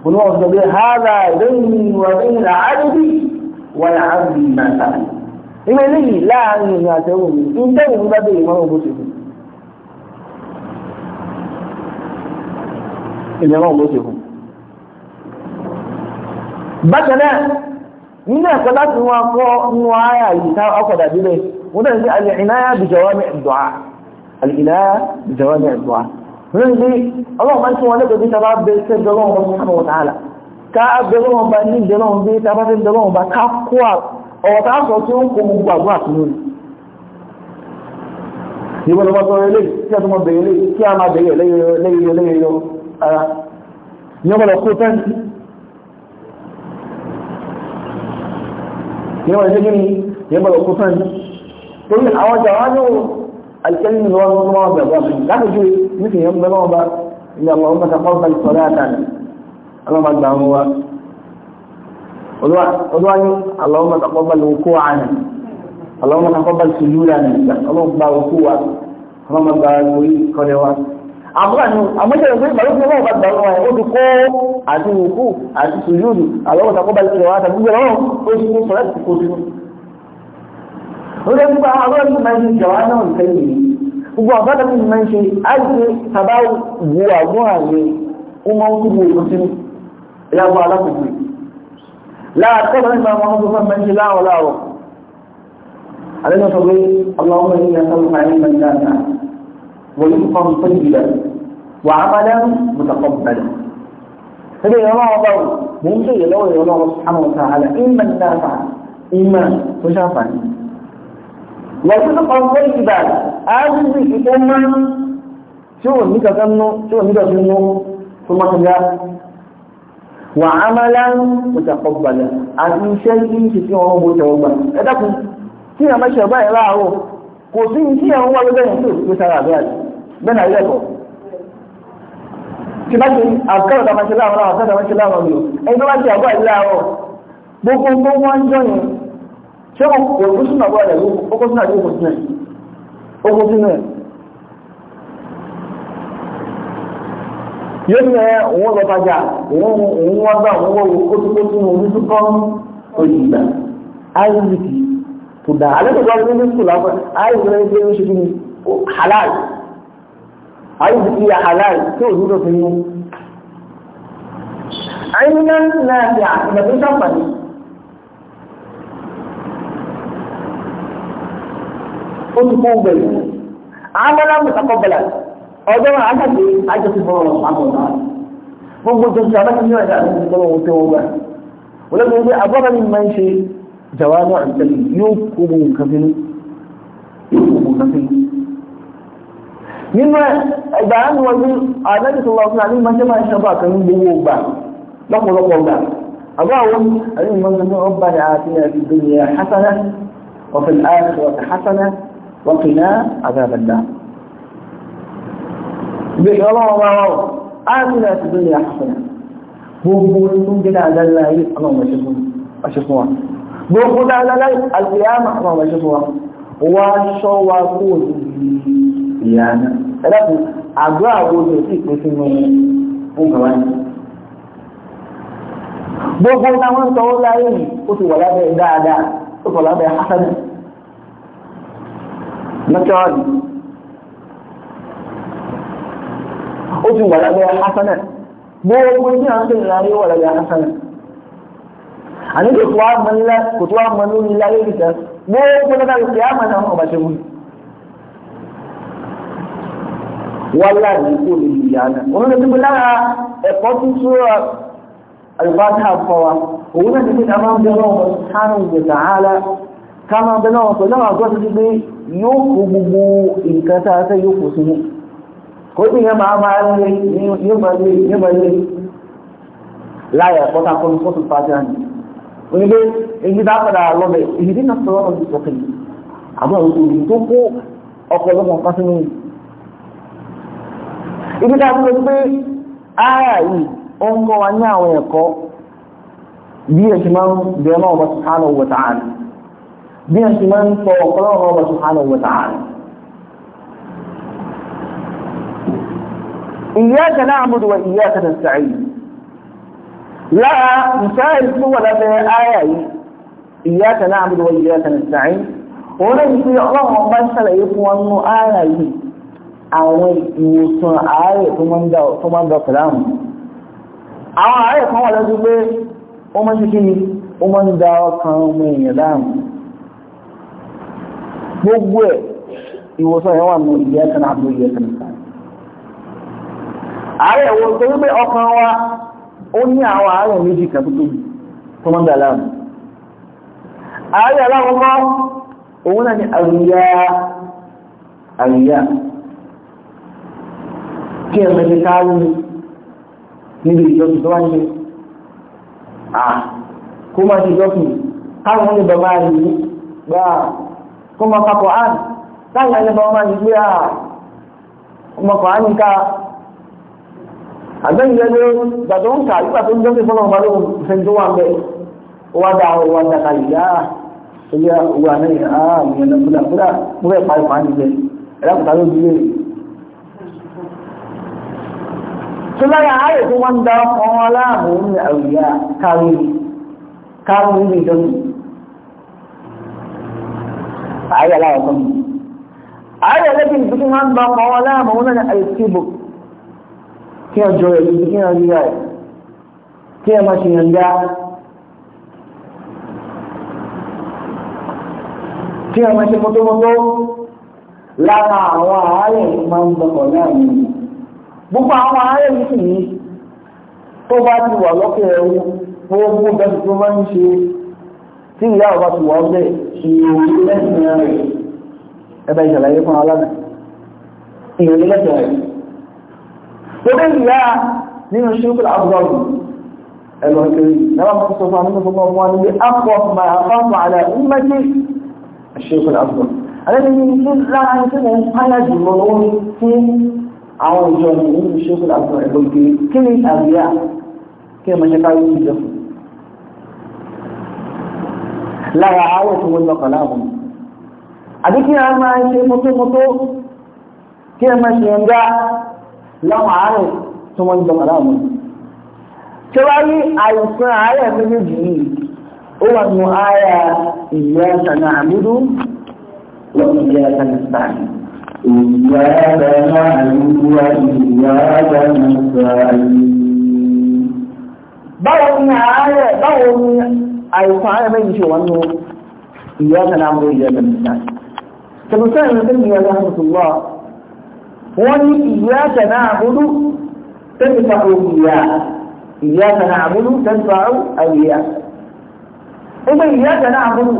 wọn wọ́n sọ pé hàdà ìdẹ́yìn wà lẹ́yìn àádọ́bí wà ní àádọ́bí màtà ìwé lẹ́yìn láàrin ìrìn àtẹ̀wò mi ń tẹ́yìn nígbà bẹ́ẹ̀ ìmọ̀ ọ̀gbọ́n ṣe fún nínú ẹ̀kọ́ láti wọn kọ́ nínú ayà yìí ká ọkọ̀ dàbí wọ́n dẹ̀ ń sẹ́ àlẹ́ ìnáyà bìjọ́ الإله بجوامع الدعاء رجلي الله ما يسوى لك بيت باب بيت دلوه سبحانه وتعالى كعب دلوه بأنين دلوه بيت باب دلوه بكاف قوار ọ̀wọ̀ tá a sọ tí ó ń kó gbogbo àgbà àti lórí ìwọ lọ́wọ́ sọ ilé tí a tó mọ bèèrè kí a máa bèèrè lẹ́yìn lẹ́yìn ara ní ọmọ lọ kó tẹ́ǹtì ní ọmọ lọ kó tẹ́ǹtì torí àwọn ọjà wá ní الكلمة اللي هو الله بيضاف لا تجوي مثل يوم بلوبة إن اللهم تقبل صلاة اللهم أكبر هو ودعني اللهم تقبل وقوعنا اللهم تقبل سجودنا اللهم أكبر وقوع اللهم أكبر وقوي قدوة àbúrànù àmọ́jẹ̀rẹ̀ pé ìgbàlódé náà bá gbà wọn ó ti kó àti òkú àti sùjúdù àwọn ọ̀tàkọ́bà ìṣẹ̀lẹ̀ wa àtàgbùgbẹ̀ náà ó ti kó sọ̀rọ̀ ìkòsínú lórí gbogbo àwọn ọdún máa ń ṣe jọ̀wá náà ń tẹ́lẹ̀ yìí gbogbo ọ̀gá tó máa ń ṣe àìsí tàbá wu àwọn àyè ó máa ń kú bu òkú sínú ìyàwó alákòókò láàtọ́ lórí máa ṣe láwọ̀ láwọ̀ àlejò pé ọlọ́run ẹni yẹn sọ́run máa ta'ala, in ko shafa ne wọ́n kọ́ fún ìgbà áàrùn ìfẹ́ máa ń tí ó ní kankan nú tí ó ní kankan nú tó máa ń ga wà á máa lá ń pòtàkọ́ gbàlẹ̀ àti iṣẹ́ tí ń ṣiṣẹ́ ọmọ bó tẹ̀wọ́ gbà ẹ dákun tí a máa ṣe ọ̀bá ẹ̀ láàárọ̀ kò sí iṣẹ́ àwọn wà lọ́gbẹ̀ẹ́ yẹn tó ti sára àbẹ́ àti bẹ́ẹ̀ náà lẹ́kọ̀ọ́ tí bá ṣe ṣé òkú súnà bọ́ rẹ̀ ókó súnà yóò mú sílẹ̀ ókó sílẹ̀ yóò ní ẹ òun lọ tajà òun wọ́n gbà òun wọ́n kó tó kó sínú orí tó kọ́ òyìn ìgbà áìlìkì kò dá alẹ́ tó gbọ́dọ̀ nínú sùn lápẹ́ áìlìkì lẹ́yìn pé ó ṣe kí halal áìlìkì ya halal tí ò dúró fi mú. àìlìkì náà ti àtìmọ̀ olùkọ́ ọgbà yìí amọ́lá mùsàkọ́bẹ̀lá ọjọ́ àgbàgbé àjọṣe fọwọ́ àmọ́lá gbogbo tó ń sọ abájú níwájú àwọn ìgbọ́n ohun tó wọ́n gbà wọ́n lọ́gbọ́n wípé abọ́rọ̀ ni máa ń ṣe jàwánú àǹtẹ̀lì yóò kó gbogbo nǹkan sínú yóò kó gbogbo nǹkan sínú nínú ẹgbà á ní wọn ní àdájú tó wọn fún àní máa ṣe máa ń ṣọba kan ní gbogbo ọgbà lọ́pọ̀lọpọ̀ ọgbà àbá àwọn àní máa ń ṣe ọba ní àti ẹ̀rí dunya hasana wa fil akhirati hasana وقنا عذاب النار بيقول الله الله آتنا في الدنيا حسنة gbogbo tún jẹ́ dáadáa láyé ọlọ́run ẹ̀ṣẹ́ fún wa gbogbo dáadáa láyé alìyàmà ọlọ́run ẹ̀ṣẹ́ fún wa wá ṣọ́ wa kó ní ìyànà ẹ̀dàkùn àgbà àwọn oṣù sí ìpín sínú oúnjẹ wa ní gbogbo táwọn sọ láyé ní ó ti wà lábẹ́ dáadáa ó ti wà lábẹ́ hasanah naturally ó ti wà lábẹ́ hasana gbogbo tí a ń tẹ̀lé láyé wà lábẹ́ hasana àní kò tó wá mọ nílá kò tó wá mọ lórí láyé nìkan gbogbo nígbà tó ti àmà náà wọn bá ṣe wù wá láàyè kó lè lù náà ká máa bẹ náà pẹ̀lú àwọn àgọ́ títí pé yóò kó gbogbo nǹkan tá a fẹ́ yóò kó sínú kó sì yẹn máa máa lé yóò máa lé yóò máa lé láyà pọ́tà kọ́ni fọ́tò fàájà ni onígbé èyí bá padà lọ́bẹ̀ èyí dín náà sọ̀rọ̀ ọ̀dọ̀ sọ̀kè àbọ̀ ibi tá a ti lọ sí pé ara yìí ó ń bí ẹ̀sìn máa ń bẹ̀rẹ̀ náà wọ́n ti ká lọ wọ̀ bí a ti máa ń sọ ọ̀pọ̀lọpọ̀ ọmọ subhanahu wa ta'ala. iyyaka na'budu wa iyyaka nasta'in lára ìṣáàlì tó wà lábẹ́ áyà yìí iyyaka na'budu wa iyyaka nasta'in òun náà ti fi ọlọ́run ọba ṣàlàyé fún wọn nú áyà yìí àwọn ìwòsàn kan wà lọ́jọ́ pé ó ṣe kí ni ó ń da ọkàn ọmọ èèyàn láàmú gbogbo ẹ̀ ìwòsàn yẹn wà nù ìyẹ́ ẹ̀kan àbúrò ìyẹ́ ẹ̀kan nìkan. ààrẹ ìwò tó wípé ọkàn wa ó ní àwọn ààrẹ méjì kan tó tóbi tó mọ́ dàlá mi. ààrẹ aláwọ̀kọ́ òun náà ni àríyá àríyá kí ẹ mẹ́lẹ́ káàrù níbi ìjọsìn tó wá ń ṣe à kó má ti jọ́sìn káwọn ní bàbá rẹ̀ gbáà kó mọ papọ̀ án táyà ẹni bá ọmọ ìgbé à ọmọkọ̀ á ní ká àgbẹ̀yìn lẹ́nu gbàdọ̀ ń kà nígbà tó ń jẹ́ fún ọmọ ọmọ ìfẹ́ tó wà ń bẹ̀ wá dá wá dá kalì yá ilé owó àná yìí á mi ẹ̀nà fúlà fúlà mo fẹ́ àyà láwọn kan àyà lẹ́gbẹ̀ẹ́ ibi tí wọ́n ń bá ọmọ wọn láàmú wọn náà àìsíbò kí ọjọ́ rẹ̀ ibi kí wọ́n rí rẹ̀ kí ẹ máa ṣe yànjá kí ẹ máa ṣe mọ́tòmọ́tò lára àwọn àárẹ̀ máa ń bọ̀ láàmú gbogbo àwọn àárẹ̀ yìí sì ní tó bá ti wà lọ́kẹ̀ẹ́ wọn gbogbo bẹ́ẹ̀ tó máa ń ṣe tí ìyá ọba ti wọ́n bẹ́ẹ̀ ìròyìn lẹ́sìn rẹ̀ ẹbẹ̀ ìṣàlàyé fún aláàbẹ̀ ìròyìn lẹ́sìn rẹ̀ tó bẹ́ ìyá nínú ṣíkúlù àbúrọ̀lù ẹ̀lọ́ kiri náà mọ́ sọ fún amínú fún ọmọ nílé akọ ma àfáàmù àlẹ́ ìmẹ́jì ṣíkúlù àbúrọ̀lù alẹ́bí ní kí lára ní kí wọ́n páyà jùlọ lọ́wọ́ fún àwọn lára àwọ̀ tó wọ́n lọ́kàn láàbùn àbí kí a máa ṣe mọ́tómọ́tó kí a máa ṣe ń dá láwọn àárẹ̀ tó wọ́n lọ́kàn láàbùn tí wá rí àìsàn àárẹ̀ méjèèjì yìí ó wà nù ààrẹ ìyá sànà àbúdú wọ́n ìyá sànà sànà إياك نعبد وإياك alfahari bai ce wannan iyaka na mura iyaka na ta musamman mutum ya zama musulma wani iyaka na abudu ta fi fa'o'iya iyaka na abudu ta fi fa'o'iya ọmọ iyaka na abudu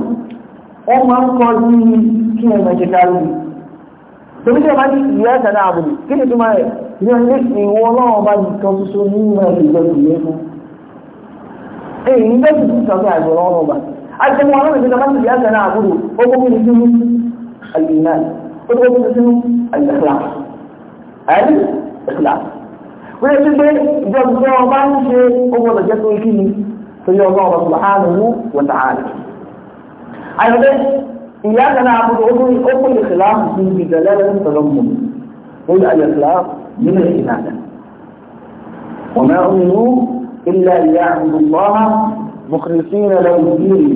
wọn máa ń kọ ní kí ẹ mẹ́jẹ kárí torí tí a máa ní iyaka na abudu kí ni túmọ̀ rẹ̀ ní ọdún ìwọ ọlọ́run bá nìkan tuntun nínú ẹgbẹ́ ìgbẹ́ ìgbẹ́ fún èyí ń gbẹ́sì sí sọ́kẹ́ àgbọ̀rọ̀ ọmọ ọba àti ọmọ ọlọ́run ìgbésẹ̀ máa ń tìyà sẹ́nà àbúrò ó kó kí ni sínú àlùmíà ó kó kí ni sínú àlùmíà àyàlí ìkìlá wọ́n yẹ pé ìjọba ọba ń ṣe ó gbọ́dọ̀ jẹ́ tó kí ni torí ọba ọba subhanahu wa ta'ala àyọ̀dẹ́ ìyá sẹ́nà àbúrò ó kó ìkìlá sí ìgbẹ̀lẹ́ lẹ́yìn tọ́lọ́mù إلا ليعبد الله مخلصين له الدين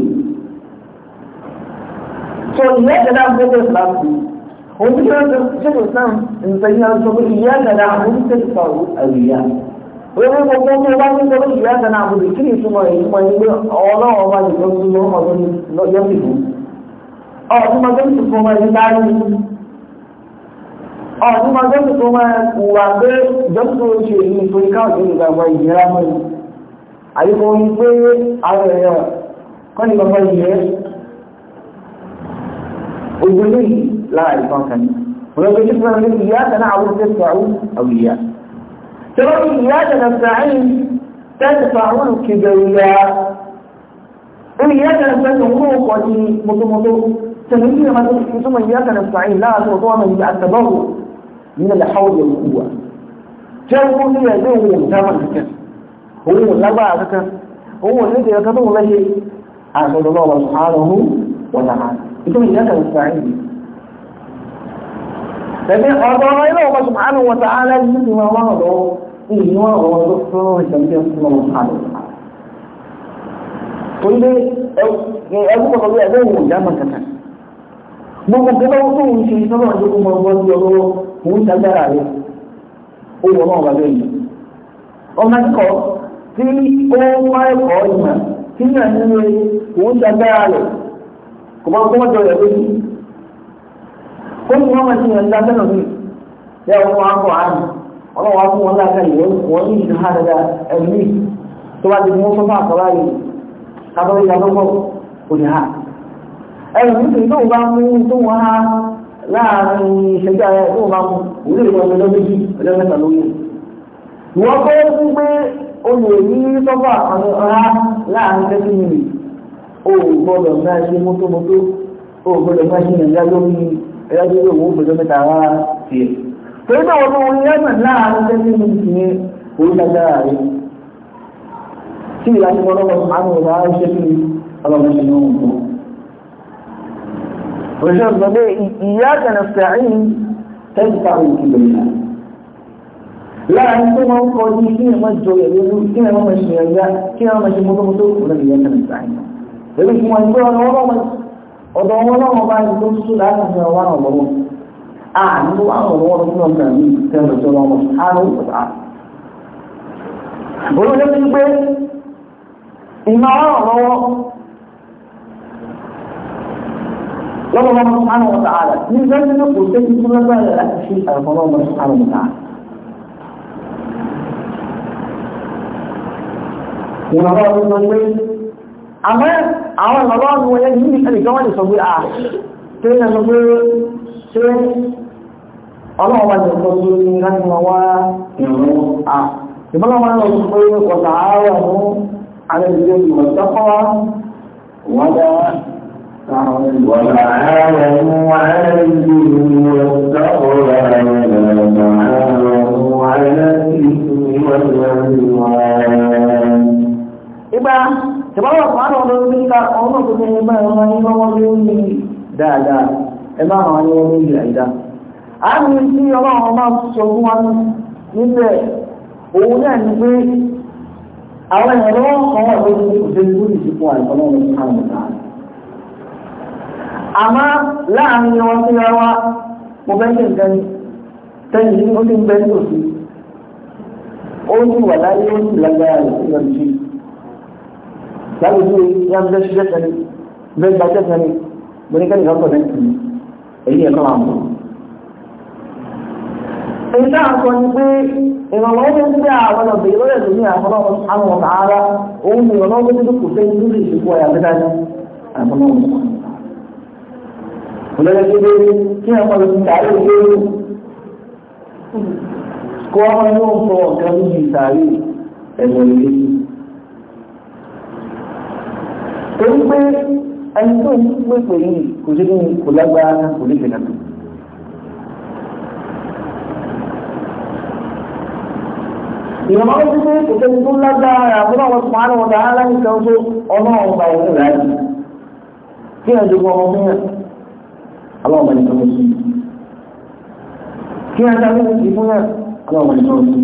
فإياك نعبد الإسلام هم يقولون شيخ الإسلام إن سيدنا رسول إياك نعبد تلقوا الإيام ويقولون أنهم يقولون أنهم يقولون أنهم يقولون أنهم يقولون أنهم يقولون أنهم يقولون أنهم يقولون أنهم يقولون أنهم يقولون أنهم يقولون أنهم àyíkọ́ ń gbé àwọn èèyàn kọ́ ní bàbá yìí ojú lè lára ìfọ́n kan ولكن شكرا لك إياك نعبد تدفع أولياء ترى إياك نستعين تدفع الكبرياء وإياك نستعين حقوق ومطمطو تنمية ما ثم إياك نستعين لا تطوع من التبرع من الحول والقوة جاءوا لي يدوم زمن كثير òun ò lágbára kankan òun ò ní ìdíyẹ kan tó ń lẹ́yẹ àgbọ̀dọ̀ náà wọ̀n àárọ̀ mú wọ̀n náà ìtòun ìyá kan sàn yìí. Tẹ̀lé ọ̀dọ̀ ọmọ ilé ọmọ subhanahu wa ta'ala ní ti máa wá ọ̀dọ̀ ìlú ọ̀rọ̀ ọ̀dọ̀ fún ìṣẹ̀lẹ̀ fún ọmọ subhanahu wa ta'ala. Torí ẹgbẹ́ Gbogbo gbogbo ohun tó ń ṣe sọ́nà ọjọ́ kó máa wọ́n lọ ṣàgbára rẹ̀. Ó wọ̀ wà lẹ́yìn. Ọmọ ẹ̀kọ́ tí ó wá ẹ̀kọ́ ìmọ̀ tí yàn ní ẹ òun agbára rẹ̀ kò bá kọ́mọ́jọ rẹ̀ lójú. ó ní wọ́n máa ti yàn dáadáa náà mi ṣé àwọn ọmọ akọ àmì ọlọ́wọ́ fún wọn láàká ìwé wọ́n ní ìdí hàdàdà ẹ̀mí tó bá ti mú sọ́fà àkọ́lá yìí kábọ́lé ìyàtọ̀pọ̀ kò ní ha. ẹ̀rù mi sì bá mú tóun ha láàrin ìṣẹ́jú ayé tóun bá mú òun lè lọ ọjọ́ méjì ọjọ́ mẹ́ta lóyún. ìwọ́n kọ́ fún pé o lè ní sọ́fà àwọn ọ̀rá láàrin tẹ́tí mi o gbọ́dọ̀ máa ṣe mọ́tòmọ́tò o gbọ́dọ̀ máa ṣe nàìjíríà lórí ẹ̀yájú tó wọ́n gbọ́dọ̀ mẹ́ta rárá sí ẹ̀. torí náà wọ́n wọ́n yẹ́ mọ̀ láàrin tẹ́tí mi sì ní orí lágbára rẹ̀ tí ìlànà ọlọ́wọ́ àwọn ọ̀rá ṣe kí ọlọ́wọ́ ṣe ní òun òṣèlú ìyá kẹ̀lẹ̀ fẹ̀rín tẹ́tí lára tó máa ń ní kí ẹ̀mọ́ jọ ẹ̀rẹ́ lórí kí ẹ̀mọ́ máa ṣe ẹ̀yà kí ẹ̀mọ́ máa ṣe mọ́tòmọ́tò òun ni ìyẹn tẹ̀lé sáyẹn pẹ̀lú fún wọn pé ọ̀dọ̀ wọn lọ́wọ́ bá ní láti fi àwọn ọ̀rọ̀ wọn fún ìrànlọ́wọ́ ló sọ pé àmọ́ àwọn ìrànlọ́wọ́ ni wọ́n yẹ ní ẹnìkan wọ́n lè sọ pé à tó yẹ sọ pé ṣé ọlọ́wọ́ bá jẹ sọ pé ní láti máa wá ìrànlọ́wọ́ à ah, ìbọ́lá wọn lọ sọ pé ọ̀tà ìwọ̀n tẹ̀bọ́lọ̀ pàdé ọ̀dọ́ ní ká ọmọ tó ní ẹgbẹ́ ẹ̀rọ ní lọ́wọ́ ní ó ní dáadáa ẹgbẹ́ àwọn ní ó ní ìlà ìdá. a ní sí ọlọ́run máa sọ fún wa níbẹ̀ òun náà ní pé àwọn ẹ̀rọ kan wà lórí òṣèlú lórí ìsìnkú àìsàn náà ní ká ní ká. àmọ́ láàrin wọn sí wa mo fẹ́ ṣe nǹkan tẹ́yìn ó ti ń bẹ́ ní òsì ó ní wà láyé ó ní lágbára ìsìnkú láti bí yá bẹ́ ṣiṣẹ́ tẹ́lẹ̀ bẹ́ gba iṣẹ́ tẹ́lẹ̀ mo ní kẹ́lẹ̀ lọ́kọ̀ lẹ́sì èyí ẹ̀kọ́ máa mú. èyí náà sọ ni pé ìrànlọ́wọ́ tó ń gbé àwọn ọ̀bẹ̀ ìrọ̀lẹ́ tó ní àwọn ọmọ ààrá òun ni ìrànlọ́wọ́ tó kù fẹ́ nínú ìṣòkò ọ̀yà bẹ́ẹ̀ ní àwọn ọmọ olóyè tó dé kí ẹ̀kọ́ lọ sí sàárè ìgbé kó ọmọ yóò sọ ọ̀gá níbi sàárè ẹ̀wọ̀n ìlú tó ń gbé ẹni tó ń pèpè yìí kò ṣe ní kò lágbára kò ní ìgbìnà tó. ìrọ̀mọ́ ti pé kò ṣe tó lágbára àbúrò àwọn sùpárù ọ̀dà aláìsàn tó ọmọ ọ̀gbà òun rà yìí kí ẹ̀ dùn ọmọ fún àwọn ọmọ nìkan sí kí ẹ̀ dàbí ọmọ nìkan sí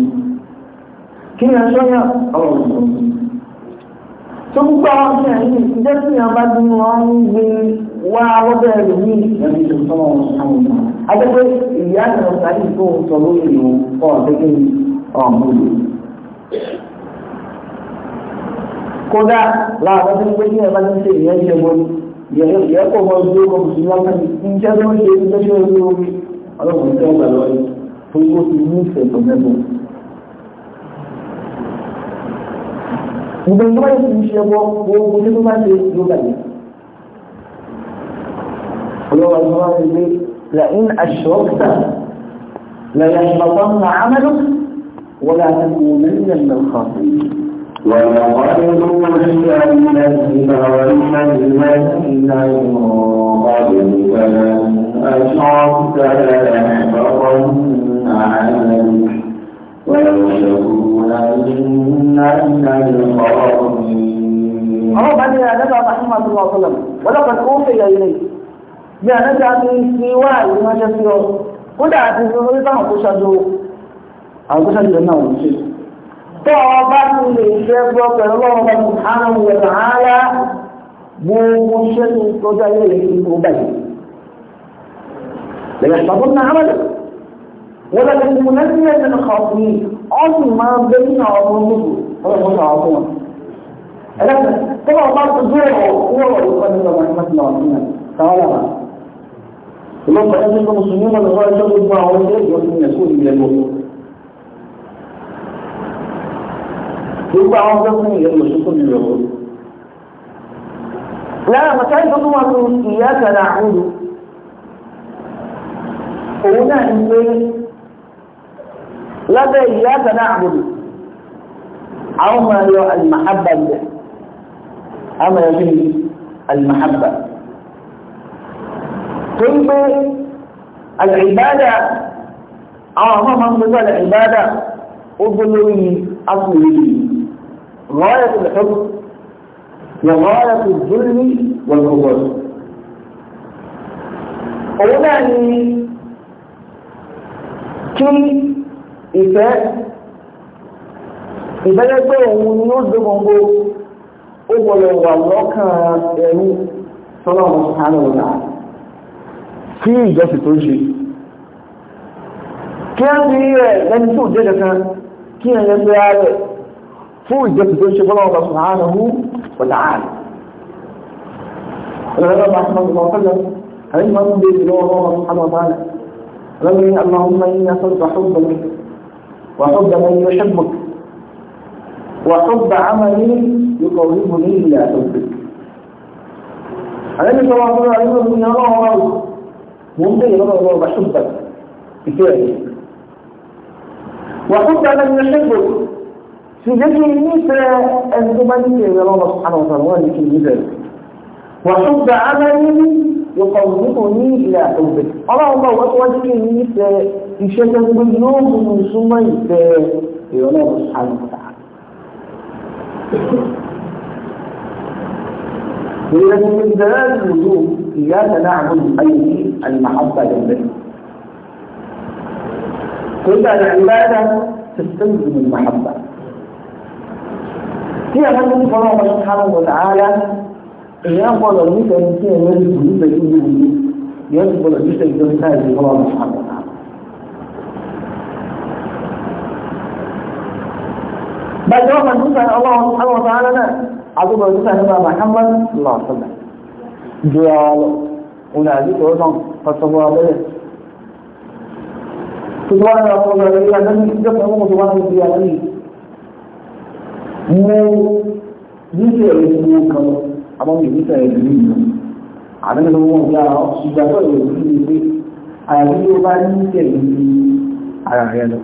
kí ẹ̀ sọ́yà ọmọ nìkan sí tó gbogbo àwọn ọmọ ẹ̀yìn ìjẹ́ tí wọ́n bá dúró wọn ń gbé wá lọ́dọ̀ ẹ̀rọ ní ìyàbí tó sọ́wọ́ wọn sáwọn ọmọ adẹ́gbẹ́ ìyá ìrọ̀ sáyé tó ń sọ lórí ìlú ọ̀ gẹ́gẹ́ bí ọ̀mùlò. kódà láàárọ̀ tó ń gbé ní ẹ̀bá tó ń ṣe ìyẹn ṣe wọlé ìyẹ́ kò mọ ojú gbogbo ẹni tó bá yẹ kó ṣe ẹbọ gbogbo tó bá ṣe ló gbàgbé. olówó ẹni wọn ti gbé lẹ́yìn aṣọ́ọ̀tà lẹ́yìn aṣọ́ọ̀tà ńlá amẹ́lú wọlé àtẹkùn lẹ́yìn ẹ̀mẹ́ kan. ولقد أوحي الذين وإلى الذين من قبلك لئن أشركت ليحبطن عملك ولو يكون ọlọ́pàá ní àdájọ́ àmàṣímà tó wọ́n sọ́lọ̀ wọ́lọ́pàá tó ń fèyà ilé bí àdájọ́ àti ní wà ìrìnàjẹ́ sí ọ kódà àti orí táwọn tó ṣáájú àwọn tó ṣáájú náà wọ́n ṣe tó ọba tó lè ṣe gbọ́ pẹ̀lú ọlọ́run bá ti hánà wọ̀ ولنمنن من خاطئين عظم بين عظمته ولا عظمه ألم طبعا بعض الدول والقوة والقدر ورحمة الله علينا تعالى معنا اللهم أن المسلمين من غير شر ما عرض ومن يسود إلى الموت يبقى عرضتنا إلى المشرق للعقول لا مكان تقوم إياك نعبد هنا إنسان لذا إياك نعبد أو ما هو المحبة أما يجب المحبة كنت العبادة أو ما آه، من هو العبادة أبنوي أصلي غاية الحب وغاية الذل والغبار أولاني كي ìfẹ́ ìfẹ́lẹ́ pé òun ni ó dé gbogbo ó gbọ́dọ̀ wà lọ́kàn ẹ̀rú sọ́nà ọ̀hún sáré ọ̀la kí ìjọsìn tó ṣe kí á ní rẹ̀ lẹ́ni tó jẹ́ kankan kí ẹ̀yẹ pé á rẹ̀ fún ìjọsìn tó ṣe bọ́lá ọ̀la sọ̀rọ̀ ọ̀hún ọ̀la àrẹ̀ الغرب أحمد الله وسلم علم من بيت الله سبحانه وتعالى ربي اللهم إنا صدق حبك وحب من يحبك وحب عملي يقومني إلى حبك عليك الله صلى الله عليه وسلم يا الله ممكن يقول الله بحبك كتابي وحب من يحبك في ذكر النساء الزمنية إلى الله سبحانه وتعالى ولكن مثال وحب عملي يقربني إلى حبك الله الله أتواجه النساء يشتغل tó ń gbé yóò mú سبحانه وتعالى ìfẹ́ من دلال الوجوب إياك نعبد أي المحبة لله كل العبادة تستلزم المحبة هي من الله سبحانه وتعالى يقبل المثل في مجد المثل يقبل المثل في هذه الله سبحانه bàtí wọ́n máa dúkà ọlọ́wọ́ sàánà náà àgbègbè dúkà nípa Muhammad lọ́sọ̀lá ju ọlọ́ òun àdúgbò náà ọ̀sọ̀gbọ́ abẹ́rẹ́ tuntun wọn lọ sọ̀rọ̀ lórí adánì ìjọba ọmọ tó wọn fi adánì mú níbi ẹ̀rọ ìṣòwò kan àmọ́ mi níta ẹ̀rọ ìlú àdánì ló wọ́n yára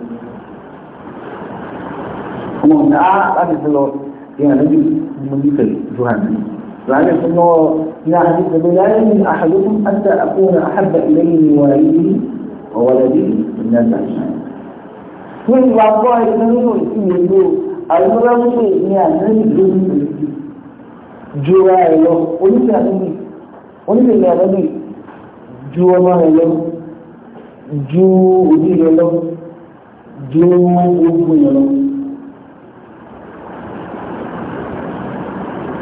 ọmọ mi á láti fi lọ ìyá níbi mo nífẹ̀ẹ́ zuhan mi. Zuhan fi lọ ní àdìsí pé láyé ní àhàdókù àti àkóhùn àhàbà ìlẹ́yìn ni wà yìí ọ̀wọ́lẹ́bí ìyá ìgbàlá. Ní ìwà gbọ́ ẹgbẹ́ nínú ìsinmi ìlú àìlọ́wọ́lẹ́ ní àdìsí tó ní ìlú ju ara ẹ̀ lọ oníṣẹ́ àdìsí oníṣẹ́ àdìsí ju ọmọ rẹ̀ lọ ju òbí rẹ̀ lọ ju gbogbo rẹ̀ lọ.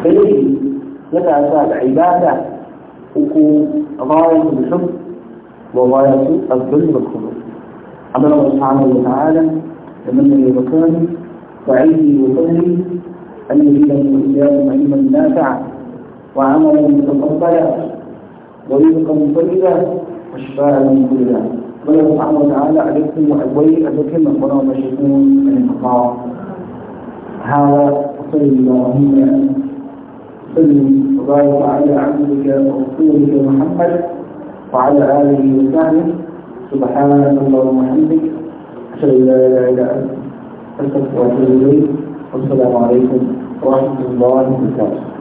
فيجي لك أسباب عبادة وكون غاية الحب وغاية الذل والخلوص أما الله سبحانه وتعالى لمن يذكرني وعيدي وقدري أن يجيب الإسلام علما نافعا وعملا متقبلا ورزقا طيبا وشفاء من كل ذنب والله سبحانه وتعالى عليكم وأبوي أبوكم القرآن والشيطان من الخطاب هذا وصلى اللهم وبارك على عبدك ورسولك محمد وعلى آله وصحبه سبحانك اللهم وبحمدك أشهد أن لا إله إلا أنت أستغفرك وأتوب إليك والسلام عليكم ورحمة الله وبركاته